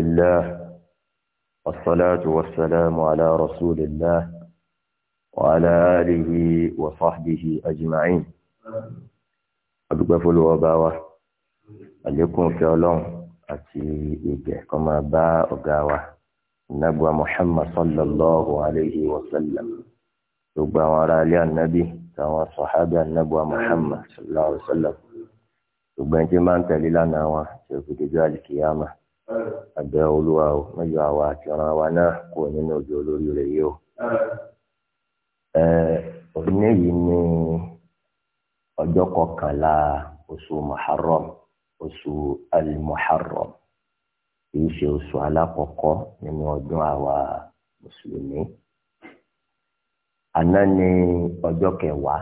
الله والصلاة والسلام على رسول الله وعلى آله وصحبه أجمعين أبقى أدقفوا الوباوة أليكم في علوم أتي إيجيكم أباء أقاوة نبوى محمد صلى الله عليه وسلم أبا وراء النبي كما صحابة نبوى محمد صلى الله عليه وسلم أبا أنت من تلي لنا وشوفوا جزال القيامة àbẹ̀ olúwa o mẹ́jọ àwa àti ọ̀ràn wa náà kò nínú òjò olórí rẹ̀ yìí o. òní yìí ni ọjọ́ kọkànlá oṣù muharram oṣù alimuharram kìí ṣe oṣù alákọ̀ọ́kọ́ nínú ọdún àwa mùsùlùmí. àná ni ọjọ́ kẹwàá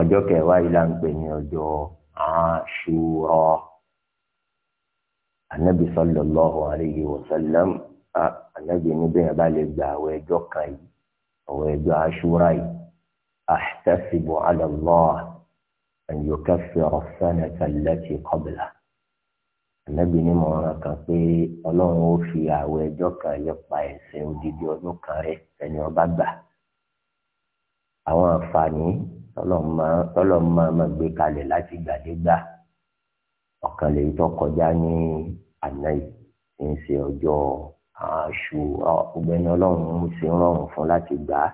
ọjọ́ kẹwàá yìí là ń pè ní ọjọ́ àṣúrà anabi sallallahu alayhi wa sallam anabi níbẹ̀ yẹn bá lè gba àwọn ẹjọ́ kan yìí àwọn ẹjọ́ aṣúra yìí ahtasibu ala Allah an yukaffira as-sanata allati qabla anabi ní mo rán kan pé ọlọ́run ó fi àwọn ẹjọ́ kan yẹ pa ẹ̀ṣẹ̀ odidi ọdún kan rẹ ẹni ọba gbà àwọn àǹfààní tọ́lọ́ máa ma gbé kalẹ̀ láti gbàdégbà ọ̀kan lèyí tó kọjá ní àná yìí ń ṣe ọjọ́ aṣù ọgbẹ́ni ọlọ́run ń ṣe rọrùn fún láti gbà á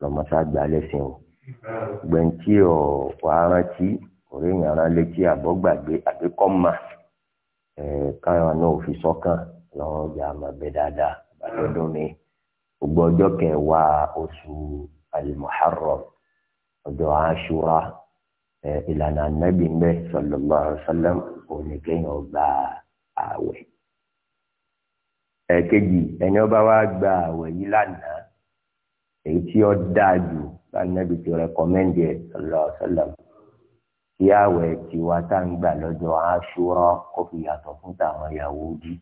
lọ́mọṣá gbà á lẹ́sìn o gbẹ̀ǹtì ọ̀ wà á rántí ọ̀rẹ́ yẹn ara létí àbọ̀ gbàgbé àbíkọ́ náà fi sọ́kàn lọ́wọ́ ìyá àmàbẹ́ dáadáa àbádọ́dún mi gbogbo ọjọ́ kẹwàá oṣù alimuharram ọjọ́ aṣura ìlànà ànábì ń bẹ sallallahu alaihi wasallam òní kéèyàn gba ààwẹ̀ ẹ̀ẹ̀kejì ẹni ọba wa gba ààwẹ̀ yìí lánàá èyí tí ó dáa jù lánàbì ti rẹkọmẹndì ẹ sallallahu alaihi wasallam kí ààwẹ̀ tiwa tá ń gbà lọ́jọ́ Àṣúrà kó fi yàtọ̀ fún tàwọn Yahudi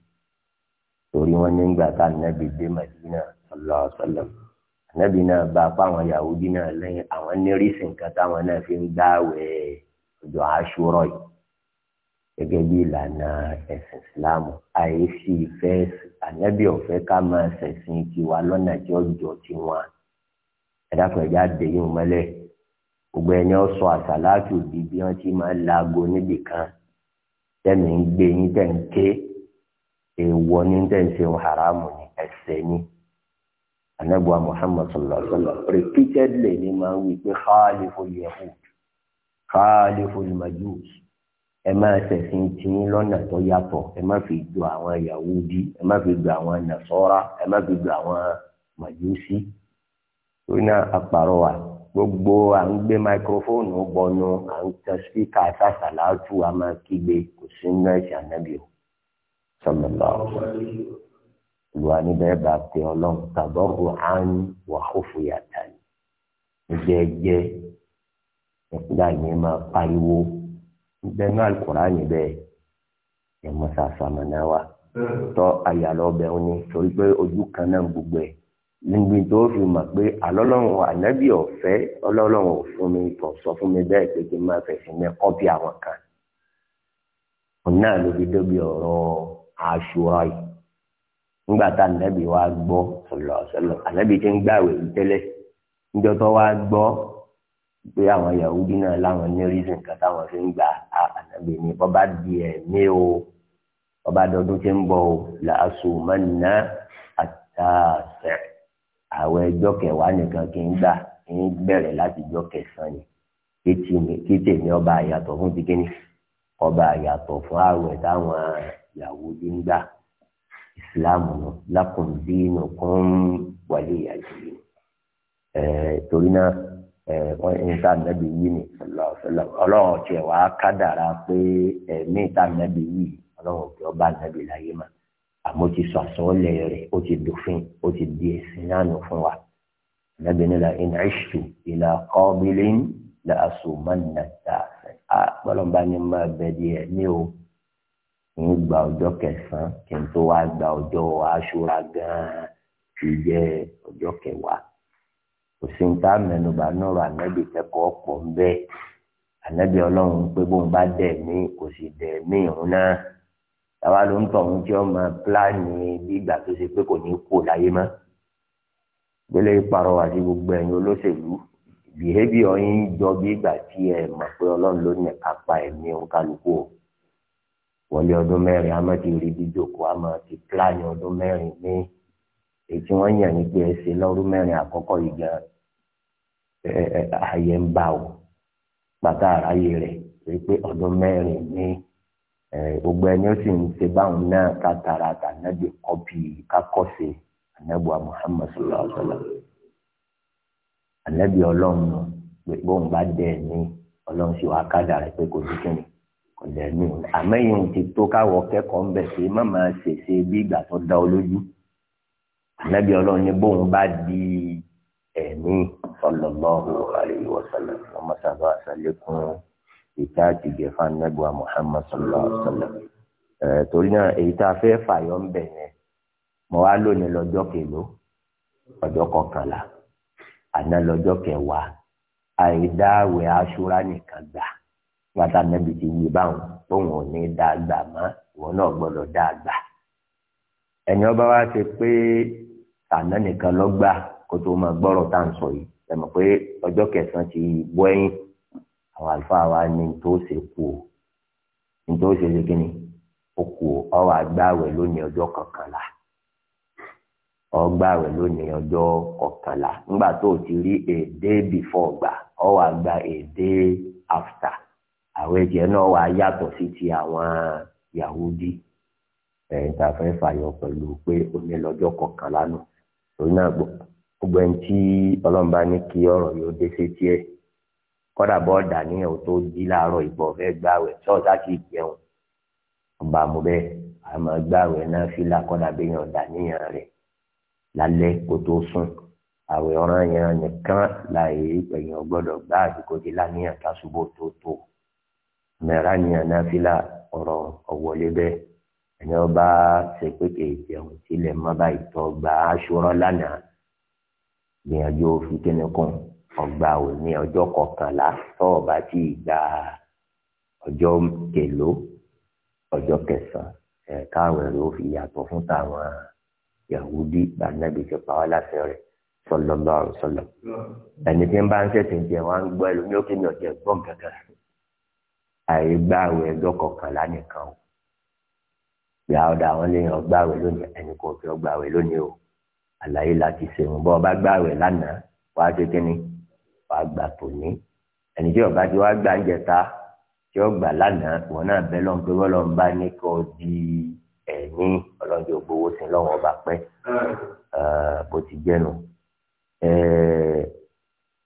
torí wọn nígbà tá ànábì dé Madina sallallahu alaihi ànábì náà bá a pa àwọn yahudi náà lẹ́yìn àwọn nírìsì nǹkan táwọn náà fi ń gbààwẹ̀ ọjọ́ aṣúrọ̀ yìí gẹ́gẹ́ bí ìlànà ẹ̀sìn ìsìláàmù àìsí ìfẹ́ ànábì ọ̀fẹ́ ká máa ṣẹ̀sìn tiwa lọ́nà tí ó jọ tiwọn ẹ̀dàpọ̀ ẹ̀já dèyìn mọ́lẹ̀ gbogbo ẹni ó sọ àṣàlátù di bí wọ́n ti máa laago níbì kan tẹ́mi ń gbé yín tẹ̀ ń ké èèwọ̀ ní tẹ̀ ń ṣe haramu ní ẹ̀ṣẹ̀ ni anagba muhammad sallallahu alaihi wa sallam repeatedly ni máa ń wí pé khaliful yahud khaliful majus ẹ máa ṣẹ̀sìn tiyín lọ́nà tó yàtọ̀ ẹ má fi do àwọn yahudi ẹ má fi do àwọn nasọ́ra ẹ má fi do àwọn majusi torí náà apàrọ̀ wa gbogbo à ń gbé máikrófóònù bọnu à ń tan spíkà sàṣàlátù a máa kígbe kò sí nọ́ọ̀sì ànábìó sallallahu alaihi wa sallam ìwà níbẹ̀ bá pe ọlọ́run tàbọ̀rù àánú wà hófù yàtà ni níjẹ́ jẹ́ nígbà yẹn máa pariwo níbẹ̀ náà alukóra níbẹ̀ ẹ̀ mọ́sá sàmánà wa tọ́ ayàlọ́ bẹ̀ ń ní torí pé ojú kan náà gbogbo ẹ̀ níbi tó fi mọ̀ pé alọ́lọ́run ànábì ọ̀fẹ́ ọlọ́lọ́run ò fún mi kọ̀ sọ fún mi bẹ́ẹ̀ pé kí n máa fẹ̀sìn mi kọ́pì àwọn kan òun ló fi dóbi ọ̀rọ̀ aṣọ ayé ńgbà tá ànábì wa gbọ́ sọlọ sọlọ ànábì tí ń gbàwé tẹ́lẹ̀ níjọ́ tó wá gbọ́ pé àwọn yahudi náà láwọn ní rísìn kan táwọn fi ń gbà á ànábì ni ọba di ẹ̀mí o ọba dọdún tí ń bọ̀ o làásù mọ́nà àtàṣẹ àwọn ẹjọ́ kẹwàá nìkan kì í gbà kì í bẹ̀rẹ̀ láti jọ́ kẹsàn-án ni kí tèmi ọba àyàtọ̀ fún ti kíni ọba àyàtọ̀ fún àwẹ̀ táwọn yahudi ń gbà ìsìláàmù lọ lákùndínú kún wàlẹ àjùlé torí náà wọn ní tá nàbí yìí ni Ọlọ́run tí ẹ wàá kádàrá pé ẹmí tá nàbí yìí Ọlọ́run tí ọba nàbí láyé mà àmọ́ ti sọ àsọọlẹ rẹ ó ti dòfin ó ti di ẹsìn náà nù fún wa nàbí nílà ìnáṣù ìlà kọ́bílín làásùmánà tààsán àpọlọmọba ni máa bẹ díẹ̀ ní o ń gba ọjọ́ kẹsàn-án kí n tó wá gba ọjọ́ aṣọra gan-an ti jẹ́ ọjọ́ kẹwàá òsín tá mẹ́nubà nọrọ ànábì kẹ́kọ̀ọ́ pọ̀ ń bẹ ànábì Ọlọ́run pé bóun bá dẹ mí kò sì dẹ mí ìrún náà táwa ló ń tọ̀ ń tí ọmọ pílánì bí ìgbà tó ṣe pé kò ní kú láyé mọ́ gbélé ìparọ́ àti gbogbo ẹ̀yin olóṣèlú bìhébì ọyìn ń jọ bí ìgbà tí ẹ mọ̀ pé Ọlọ́run ló ní ẹ̀ka pa ẹ̀mí òǹkálukú o wọlé ọdún mẹ́rin a máa ti rí dídòkó a máa ti pílánì ọdún mẹ́rin ní èyí tí wọ́n yàn ní pé ẹsẹ̀ lọ́dún mẹ́rin àkọ́kọ́ yìí gan ààyè ń bá o pàtà àráyè rẹ̀ rí pé ọdún mẹ́rin ní gbogbo ẹni ó sì ń ṣe báwọn náà kátàrà àtànábì kọ́pì kákọ́sẹ̀ ànábùwà Muhammad sallallahu alaihi wa sallam ànábì ọlọ́run pé bóun bá dẹ̀ ní ọlọ́run sì wá kádàrà pé kò ní kíni ọ̀dẹ̀ mi àmẹ́yìn ti tó káwọ́ kẹ́kọ̀ọ́ ń bẹ̀ ṣe má máa ṣèṣe bí ìgbà tó dá ọ lójú ànábì ọlọ́run ní bóun bá di ẹ̀mí sallallahu alaihi wasallam ọmọ sábà ṣàlékún ìta àtìgẹ̀ fanẹ́gbà Muhammad sallallahu alaihi wasallam torí náà èyí tá a fẹ́ fàyọ̀ ń bẹ̀ yẹn mo wá lónìí lọ́jọ́ kèló ọjọ́ kọkànlá àná lọ́jọ́ kẹwàá àìdáwẹ̀ aṣúra nìkan gbà wàtá nẹ́bi ti wí báwọn tóun ò ní dáa gbà mọ́ wọn náà gbọ́dọ̀ dáa gbà ẹni ọba wa ṣe pé àná nìkan lọ gbà kó tó máa gbọ́rọ̀ tá à ń sọ yìí ẹ pé ọjọ́ kẹsàn ti bọ́ ẹ̀yìn àwọn àlùfáà wa ní tó o ní tó ṣe ṣe ó kú o ọwọ́ àgbàwẹ̀ lónìí ọjọ́ kọkànlá ọgbàwẹ̀ lónìí ọjọ́ kọkànlá nígbà tó o àwọn ẹ̀jẹ̀ náà wà yàtọ̀ sí ti àwọn Yahudi ẹ̀yìn tá a fẹ́ fàyọ pẹ̀lú pé ó ní lọ́jọ́ kọkànlá nù torí náà gbogbo ẹni tí ọlọ́mọba ní kí ọ̀rọ̀ yóò dé sí tiẹ̀ kọ́dà bọ́ọ̀dà níyàwó tó jí láàárọ̀ ìgbọ̀ fẹ́ gbàwẹ̀ ṣọ́ọ̀ṣà kì í jẹun ọba àmúbẹ́ àmọ́ gbàwẹ̀ náà fílà kọ́dà béèyàn dà níyàn rẹ̀ lálẹ́ kó tó sùn àwẹ̀ ọ̀ràn yẹn nìkan láàyè ìpẹ̀yìn ọgbọ́dọ̀ gbá àdìgbòdì láníyàn káṣubó tó tó mẹ́ra ni ànáfílà ọ̀rọ̀ ọ̀wọ́lé bẹ́ẹ̀ ẹni ọba ṣe pé kéèké ọ̀hún tilẹ̀ má báyìí tọ́ gba aṣọ́rọ́ lánàá gbìyànjú òfin kíni kún ọgbà òní ọjọ́ kọkànlá tọ́ọ̀bá tí ì gba ọjọ́ kèló ọjọ́ kẹsàn-án ẹ̀ káwọn ẹ̀rọ fi yàtọ̀ fún tàwọn yahudi gbàdúrà ti pa wá láṣẹ rẹ̀ sallallahu alaihi wasallam ẹni tí ń bá ń ṣètìǹtì ẹ̀ wá ń gbọ́ ẹlòmíókè ní ọ̀jẹ̀ gbọ́n kankan àìgbàwé ẹjọ́ kọkànlá nìkan o ìyá ọ̀dà àwọn lèèyàn gbàwé lónìí ẹnì kò fi ọgbàwé lónìí o àlàyé láti ṣeun bọ́ ọba gbàwé lánàá wàá ṣe kínní wàá gbà tòní ẹni tí ọba ti wá gbà ń jẹta tí ó gbà lánàá wọn náà bẹ lọ́n pé wọ́n bá ní kó di ẹ̀mí ọlọ́njẹ́ ògbówó sí lọ́wọ́ ọba pẹ́ bó ti jẹ́nu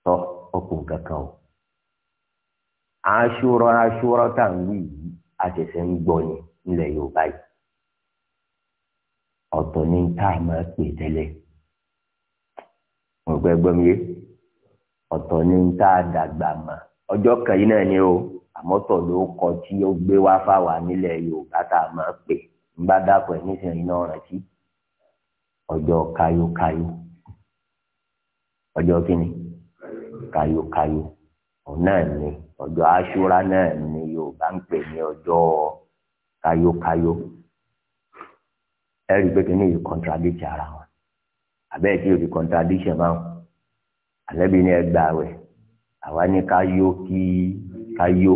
tọ́ ọkùnrin kankan o. aṣọrọ aṣọrọ tá à ń wí yìí àṣẹṣẹ ń gbọ́ ni nílẹ̀ yorùbá yìí ọ̀tọ̀ ni tá a máa pè tẹ́lẹ̀ mo ni tá a dàgbà mà ọjọ́ kan yìí náà ni o àmọ́tọ̀ ló kọ tí ó gbé wá fáwa nílẹ̀ yorùbá tá a máa pè ń bá dàpọ̀ ẹ̀ nísìnyí náà rántí ọjọ́ kayokayo ọjọ́ kínní kayokayo. òun náà ni ọjọ́ aṣúra náà ni yorùbá ń pè ní ọjọ́ káyókáyó ẹ rí i pé kí ni yìí contradict ara wọn àbẹ́ẹ̀ tí yòókì contradiction máa ń àlẹ́bí ni ẹ gbà wẹ̀ àwa ní káyó kí káyó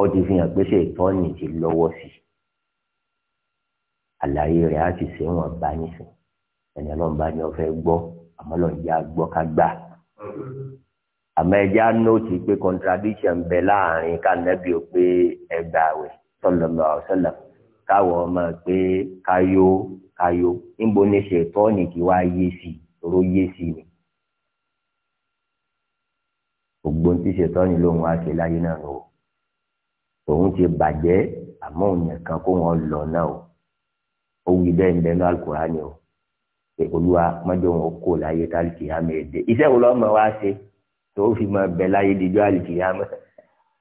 ó ti fi hàn pé ṣe ìtọ́ni ti lọ́wọ́ sí i àlàyé rẹ̀ á ti ṣe wọn bá nísìn ẹni ọlọ́run bá ní ọ fẹ́ gbọ́ àmọ́ lọ́n já gbọ́ ká gbà àmọ́ ẹja nóòtì pé contradiction bẹ láàrin kánẹ́bí o pé ẹgbà àwẹ̀ sallallahu alaihi wasallam káwọ̀ ọmọ pé káyó káyó níbo ni ṣètọ́ ni kí wá yé sí toró yé sí ni gbogbo ti ṣètọ́ ni lóhun á ṣe láyé náà o òun ti bàjẹ́ àmọ́ òun nìkan kó wọn lọ náà o ó wí bẹ́ẹ̀ ń bẹ́ẹ̀ ní Al-Qur'ani o olúwa mọ́jọ́ wọn kó láyé tálíkì àmì èdè iṣẹ́ wo lọ́mọ wa ṣe tó fi máa bẹ láyé dídú àlìkìyàmẹ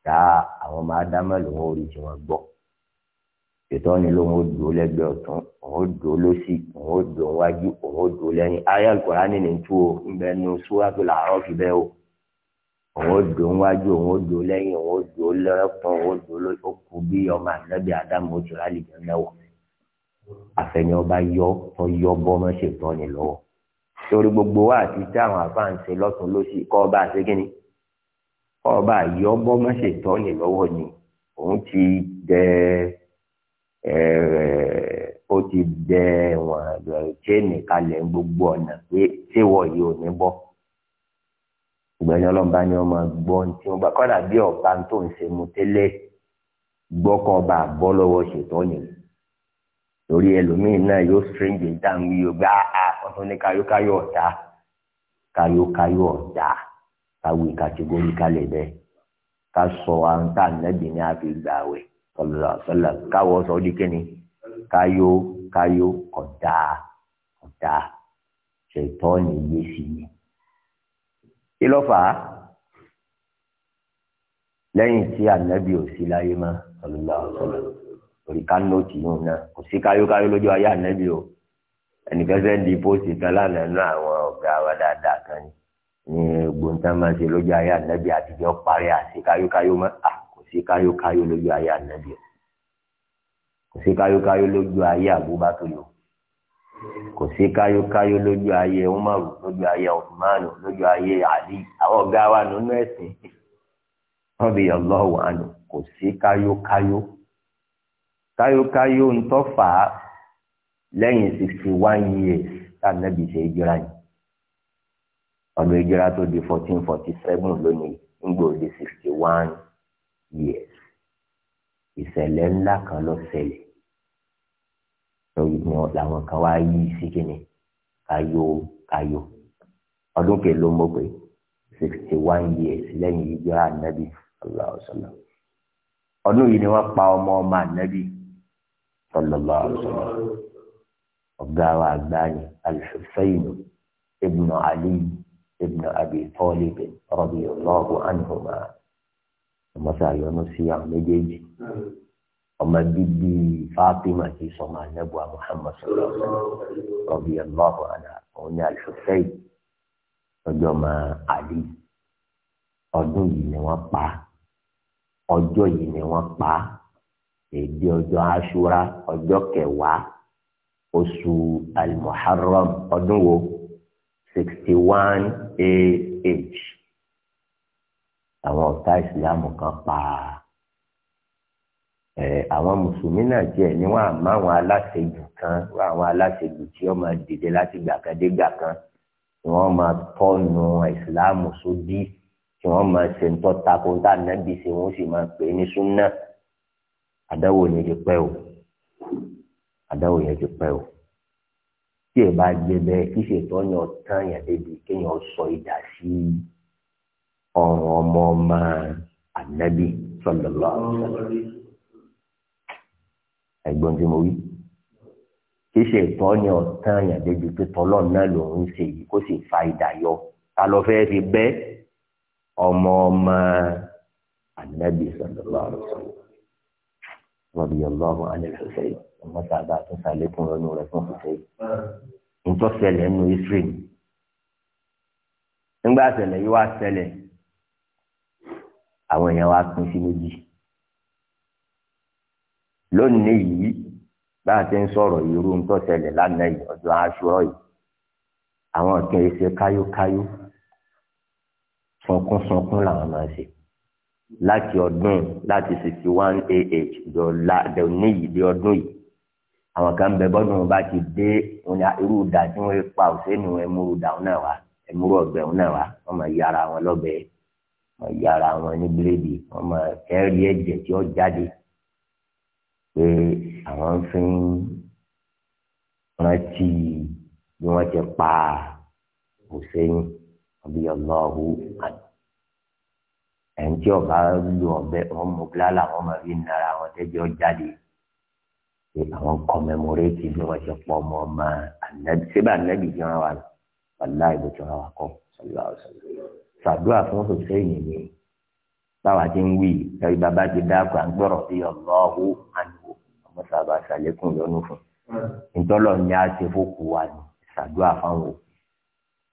ta àwọn máa dámọ lòun ò rí tí wọn gbọ́ ètò ọ̀nì lòun ò dúró lẹ́gbẹ̀ẹ́ ọ̀tún òun ò dúró lọ́sì òun ò dúró wájú òun ò dúró lẹ́yìn ayé àgbàrá nínú tú o ń bẹ nu súwájú làárọ̀ fi bẹ́ẹ̀ o òun ò dúró wájú òun ò dúró lẹ́yìn òun ò dúró lẹ́kùn òun ò dúró lọ́sọ̀ kú bí ọmọ ànábì ádámù ó ti rálì jẹ́ mẹ́wọ̀ àfẹnyọba yọ ọ yọ bọ́ mọ́ ṣètọ́ ni lọ́wọ́ sórí gbogbo wa àti tí àwọn àfáà ń ṣe lọ́tún lósì kọ́ ọba àṣẹ kọ́ ọba àyọ́ bọ́ mọ́ṣẹ̀ lọ́wọ́ ni òun ti dẹ ẹ ó ti dẹ wọn chain kalẹ̀ gbogbo ọ̀nà pé ṣé wọ yìí ò ní bọ́ ìgbẹ́ni ọlọ́mọba ni wọ́n máa gbọ́ ohun tí wọ́n bá kọ́dà bí ọ̀bá tó ń ṣe mu tẹ́lẹ̀ gbọ́ ọba àbọ́ lọ́wọ́ ṣètọ́ nìyí torí ẹlòmíín náà yóò strange dáhùn yóò gbá a ah, ah. ọtún ní káyókáyó ọ̀tá káyókáyó ọ̀tá káwé kàtégórí kalẹ̀ bẹ́ẹ̀ ká sọ àwọn tá ànábì ní àfi gbà wẹ̀ sọlọ sọlọ káwọ sọ ọdí kíni káyó káyó ọ̀tá ọ̀tá ṣètọ́ ni yé sí i kí ló fà á lẹ́yìn tí ànábì ò sí láyé mọ́ sọlọ sọlọ torí ká nóòtì yìí náà kò sí káyókáyó lójú ayé ànábì o ẹnìkan fẹ́ di pósì kan lánàá nínú àwọn ọ̀gá wa dáadáa kan ní gbóńtá máa ṣe lójú ayé ànábì àtijọ́ parí àti káyókáyó mọ́ à kò sí káyókáyó lójú ayé ànábì o kò sí káyókáyó lójú ayé Abubakar o kò sí káyókáyó lójú ayé Umaru lójú ayé Usmanu lójú ayé Ali àwọn ọ̀gá wa nínú ẹ̀sìn wọn bí Ọlọ́run àná kò sí káyókáyó káyókáyó ń tọ́ fà á lẹ́yìn sixty one years tá nẹ́bi ṣe ìjìra yìí ọdún ìjìra tó di fourteen forty seven lónìí ńgbò di sixty one years ìṣẹ̀lẹ̀ ńlá kan ló ṣẹlẹ̀ ni làwọn kan wá yí sí kíni káyó káyó ọdún kẹló mọ̀ pé sixty one years lẹ́yìn ìjìra nẹ́bi ọlọ́ọ̀ṣọ́lá ọdún yìí ni wọ́n pa ọmọ ọmọ ànẹ́bí sallallahu alaihi wasallam ọ̀gá wa àgbà ni al-Husayn ibn Ali ibn Abi Talib radiyallahu anhuma ọmọsàyọ́nù sí àwọn méjèèjì ọmọ bíbí Fatima ti sọmọ anabuwa Muhammad sallallahu alaihi wasallam radiyallahu anha òun ni al-Husayn ọjọ́ máa àlè ọdún yìí ni wọ́n pa ọjọ́ yìí ni wọ́n pa èdè ọjọ́ aṣúra ọjọ́ kẹwàá oṣù alimuharram ọdún wo sixty one ah àwọn ọ̀tá ìsìlámù kan pa àwọn mùsùlùmí náà tiẹ̀ ni wọ́n á má àwọn aláṣejù kan wọ́n àwọn aláṣejù tí wọ́n máa dìde láti gbà kan dé gbà kan tí wọ́n máa tọ́nu ìsìlámù sódì tí wọ́n máa ṣe ń tọ́ takò tá a nábì ṣe wọ́n sì máa pè é ní súnà àdáwò yẹn ti pẹ́ o àdáwò yẹn ti pẹ́ o tí ẹ bá gbé bẹ́ẹ̀ kí ṣètò yẹn tán yẹn débi kéèyàn sọ ìdá sí ọ̀rọ̀ ọmọ ọmọ ànábì sallallahu alaihi wasallam ẹ̀gbọ́n tí mo wí kí ṣètò yẹn tán yẹn débi pé tọlọ náà lòún ṣe yìí kó sì fa ìdá yọ ta ló fẹ́ fi bẹ́ ọmọ ọmọ ànábì sallallahu alaihi wasallam radiyallahu anil Husayn ọmọ sábà tó sàlékún lọ́nu rẹ̀ fún Husayn ntọ́sẹ̀lẹ̀ nù Israel nígbà sẹlẹ̀ yìí wá ṣẹlẹ̀ àwọn èèyàn wá pín sí méjì lónìí yìí bá a ti ń sọ̀rọ̀ irú ntọ́sẹ̀lẹ̀ lánàá yìí ọjọ́ aṣọ yìí àwọn kan ṣe káyókáyó sọkúnsọkún làwọn máa ṣe láti ọdún láti sixty one ah dọ̀la dọ̀ní yìí di ọdún yìí àwọn kan bẹ bọ́dún bá ti dé ah, irú ìdá tí wọ́n pa òsínú ẹmúrú ìdáhùn náà wá ẹmúrú ọ̀gbẹ̀hún náà wá wọ́n máa yí ara wọn lọ́bẹ̀ẹ́ wọ́n yí ara wọn ní bíléèdì wọ́n máa ẹ̀rí ẹ̀jẹ̀ tí ó jáde pé àwọn fi ń rántí bí wọ́n ti pa òsínú ọbí ọlọ́hu àti ẹnjẹ ọba lu ọbẹ wọn mú gíláàlà wọn máa fi nara wọn tẹjọ jáde ṣe àwọn kọmẹmọrẹtì bí wọn ṣe pọ ọmọ ọmọ anabi ṣébà anabi fi hàn wá wàlá ìbò tí wọn wà kọ sọlá ọsọlá ṣàdúrà fún hussein ni báwa ti ń wí ẹrí bàbá ti dáko à ń gbọrọ sí ọlọ́hu ànúwò ọmọ sábà ṣàlékún lọ́nu fún ntọ́lọ́ hmm. ni a ṣe fún kù wa ni ṣàdúrà fáwọn òkú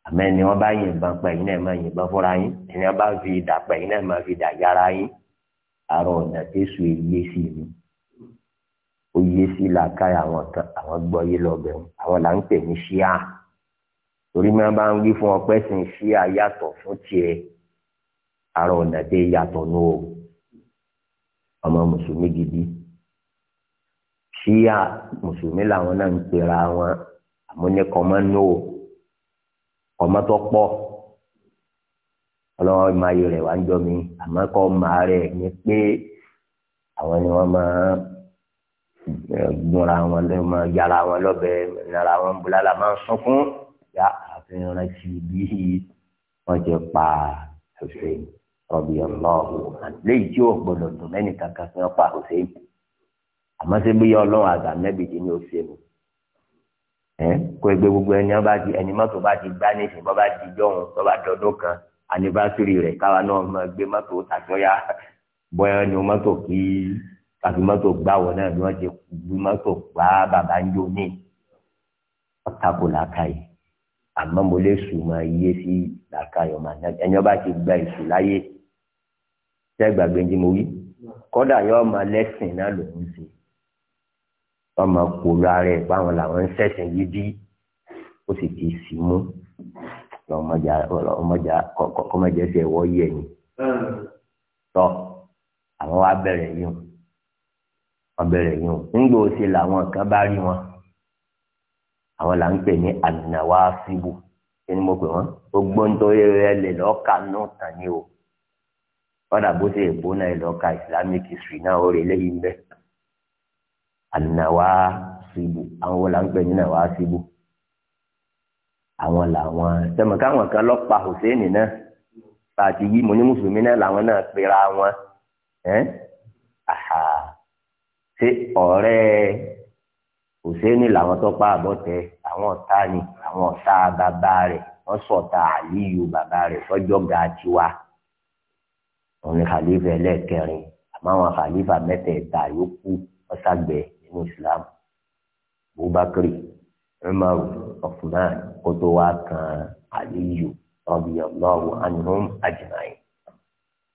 àmọ́ ẹni wọ́n bá yìnbọn pẹ̀ yín náà máa yìnbọn fúnra yín ẹni wọ́n bá fi ìdà pẹ̀ yín náà máa fi ìdà yára yín àrò ọ̀nà tẹ̀sù iye sí mi ó yé sí làákàyà àwọn kan àwọn gbọ́ yé lọ́bẹ̀ wọn àwọn là ń pè ní ṣíà torí máa bá ń wí fún ọ pé sin ṣíà yàtọ̀ fún tiẹ̀ àrò ọ̀nà tẹ̀ yàtọ̀ nù o ọmọ mùsùlùmí gidi ṣíà mùsùlùmí làwọn náà ń pera wọn àmúnikọ́mọ́ nù o ọmọ tó pọ̀ ọlọ́wọ́ máa yọ rẹ̀ wá ń jọ mi àmọ́ kọ́ máa rẹ̀ ni pé àwọn ni wọ́n máa gbọ́nra wọn lé máa yára wọn lọ́bẹ̀ nara wọn bulala máa ń sọkún yá àfihàn rántí bí wọ́n ti pa Hussein rọ̀bì ọlọ́run léyìí tí ò gbọdọ̀ dùn mẹ́nìkan kan fi hàn pa Hussein àmọ́ sẹ́bí yọ ọlọ́run àgbà mẹ́bìdì ni ó ṣe nù ẹ kó egbe gbogbo ẹni ọba ti ẹni mọ́tò bá ti gbá ní ìsìn bọ́ba ti jọ̀hún bọ́ba dọdún kan anniversary rẹ̀ káwa náà máa gbé mọ́tò tàjọ́yà bọ́yá ni mọ́tò kí àfi mọ́tò gbáwọ̀ náà bí wọ́n ti gbé mọ́tò gbá bàbá ń jò ní ọ̀tàkùn làákàyè àmọ́ mo lè sùn máa yé sí làákàyè ọmọ àná ẹni ọba ti gba ìsù láyé tẹ́ gbàgbé mo wí kọ́dà yọ ọmọ lẹ́sìn náà lòún ṣe wọn máa kóró ara ẹ báwọn làwọn ń ṣẹ̀sìn yìí bí ó sì ti sì mú ọmọdé ẹsẹ ẹwọ yí ẹ̀yìn tọ àwọn wa bẹ̀rẹ̀ yìí wọn bẹ̀rẹ̀ yìí ńgbà òsè làwọn kan bá rí wọn àwọn là ń pè ní àmìnàwá síbù kí ni mo pè wọn gbogbo nítorí ẹ lè lọ́ọ̀ka náà tàn ní o kọ́dà bó ṣe èbó náà Islamic history náà ó rè léyìn bẹ́ẹ̀. Anawa sibu àwọn wo la ń pè ní ànáwá síbù àwọn làwọn sẹ́mi káwọn kan lọ pa Hùsẹ́ẹ̀nì náà pàtì yìí mo ní mùsùlùmí náà làwọn náà pera wọn aha àhà ṣé ọ̀rẹ́ Hùsẹ́ẹ̀nì làwọn tó pa àbọ̀tẹ́ àwọn ọ̀tá ni àwọn ọ̀tá bàbá rẹ̀ wọ́n sọ̀tà àlíyù bàbá rẹ̀ sọ́jọ́ ga tiwa òun ni khalifa ẹlẹ́ẹ̀kẹrin àmọ́ àwọn khalifa mẹ́tẹ̀ẹ̀ta yòókù ọ̀sàgbẹ́ nínú islam bubakari umar usman kótó wa kan aliyu radiyallahu anhum ajma'in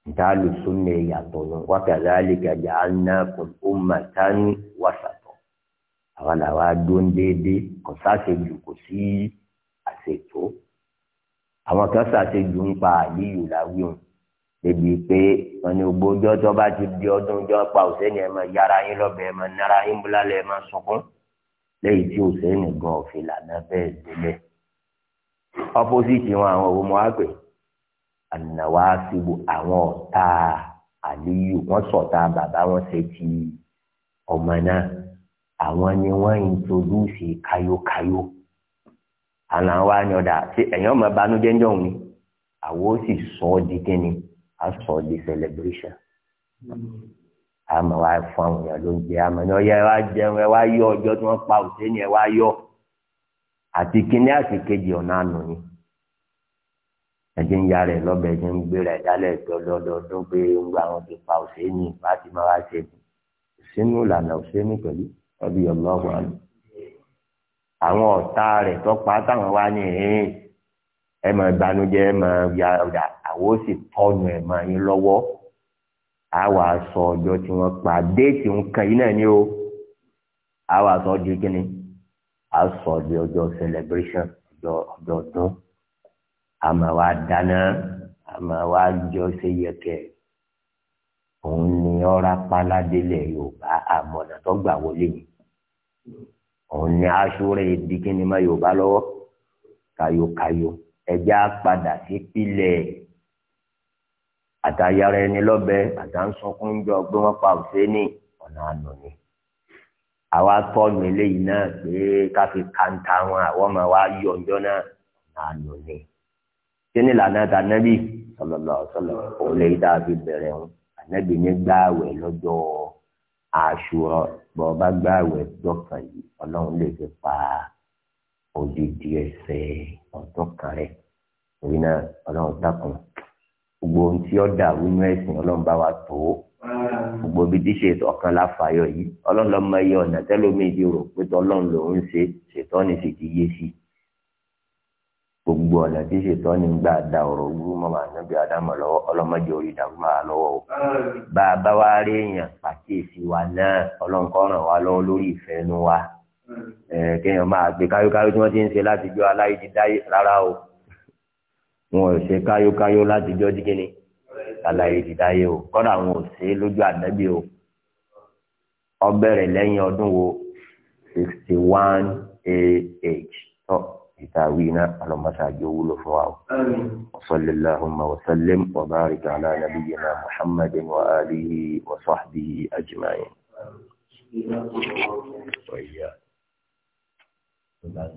ntaalu sunne yàtọ̀ nù wa kadhalika ja'alnakum ummatan wasata àwọn làwọn adún déédéé kò sáṣejù kò sí àṣetò àwọn kan sáṣejù ń pa aliyu láwíhùn débi pé wọn ní gbogbo ọjọ́ tó bá ti di ọdún ọjọ́ pa òsèǹyẹ máa yára yín lọ́bẹ̀ ẹ̀ máa nára yín búlálẹ̀ ẹ̀ máa sunkún lẹ́yìn tí òsèǹyẹ gan òfin lànà bẹ́ẹ̀ délẹ̀ ọpọsìtì wọn àwọn òwò máa pè ànáwá síbu àwọn ọ̀tá àlíyù wọn sọ̀tá bàbá wọn ṣe ti ọmọ náà àwọn ni wọ́n introduce kayokayo àwọn àwa ni ọ̀dà ẹ̀yìn ọmọ banújẹ́ ń jọ̀hún ni àwọn ó sì sọ ọ́ di kíni as for the celebration. àmọ́ hmm. wa fún àwọn èèyàn ló ń jẹ àmọ́ ní ọyẹ wa jẹun ẹ wá yọ ọjọ́ tí wọ́n pa òsèlú ẹ wá yọ àti kíní àti kejì ọ̀nà àná ni ẹ̀jẹ̀ ń yára ẹ̀ lọ́bẹ̀ ẹ̀jẹ̀ ń gbéra ẹ̀ dálẹ̀ lọ́dọọdún pé ń gba àwọn ti pa òsèlú bá ti máa wá ṣe sínú ìlànà òsèlú pẹ̀lú ọbí ọlọ́wọ́ àná àwọn ọ̀tá rẹ̀ tó pa táwọn wá ní ẹ̀ẹ́n ẹ̀ máa banújẹ́ ẹ̀ máa ya àwọn ó sì tọ́nu ẹ̀ máa yín lọ́wọ́ a wà sọ ọjọ́ tí wọ́n pa déètì nǹkan yìí náà ni o a wà sọ di kíni a sọ di ọjọ́ celebration ọjọ́ ọjọ́ ọdún a máa wá dáná a máa wá jọ ṣe yẹkẹ òun ni ọ̀rá páládélẹ̀ yorùbá àmọ̀nà tó gbà wọlé yìí òun ni aṣọra èdè kíni má yorùbá lọ́wọ́ kayokayo ẹ̀já padà sí pílẹ̀ àtàyàrá ẹni lọ́bẹ àtàǹsọ̀kún jọ gbé wọn pa òsínì ọ̀nà àná ni. àwa tọ́nu eléyìí náà pé ká fi kàńtà wọn àwọn ọmọ wa yọ ọjọ́ náà ọ̀nà àná ni. kíni lànà tànàbí sọlọlọ sọlọ òun lè dá a fi bẹ̀rẹ̀ wọn ànàbí ní gbààwẹ̀ lọ́jọ́ àṣùrọ̀ bọ̀ bá gbààwẹ̀ dọ́kàn yìí ọlọ́run lè fi pa odidi ẹsẹ̀ ọ̀dọ́kàn rẹ̀ torí náà ọlọ́run dákun gbogbo ohun tí ó dàrú inú ẹ̀sìn ọlọ́run bá wa tó gbogbo ibi tí ṣètò ọ̀kan láfàáyọ yìí ọlọ́run lọ́mọ iye ọ̀nà tẹ́lómìn ti rò pé tọ́lọ́run lòún ṣe ṣètò ní sì ti yé sí gbogbo ọ̀nà tí ṣètò ní gbà da ọ̀rọ̀ wúrú mọ́ màá nàbí àdámọ̀ lọ́wọ́ ọlọ́mọdé orí ìdàrú màá lọ́wọ́ o bá a bá wa rí èèyàn pàkíyèsí wa náà ọlọ́run kó ràn wá lọ́wọ́ lórí ìfẹ́ nu wa kéèyàn máa gbé káyókáyó tí wọ́n ti ń ṣe láti jó aláyé dáyé rárá o wọn ò ṣe káyókáyó láti jọ́ dí kíni àlàyé ti dáyé o kọ́dà wọn ò ṣe lójú ànábì o ó lẹ́yìn ọdún wo sixty one AH tó ìtàwí iná alọ́mọṣáájú wúlò fún wa o. وصلى اللهم وسلم وبارك على نبينا محمد وآله وصحبه أجمعين. وإياك.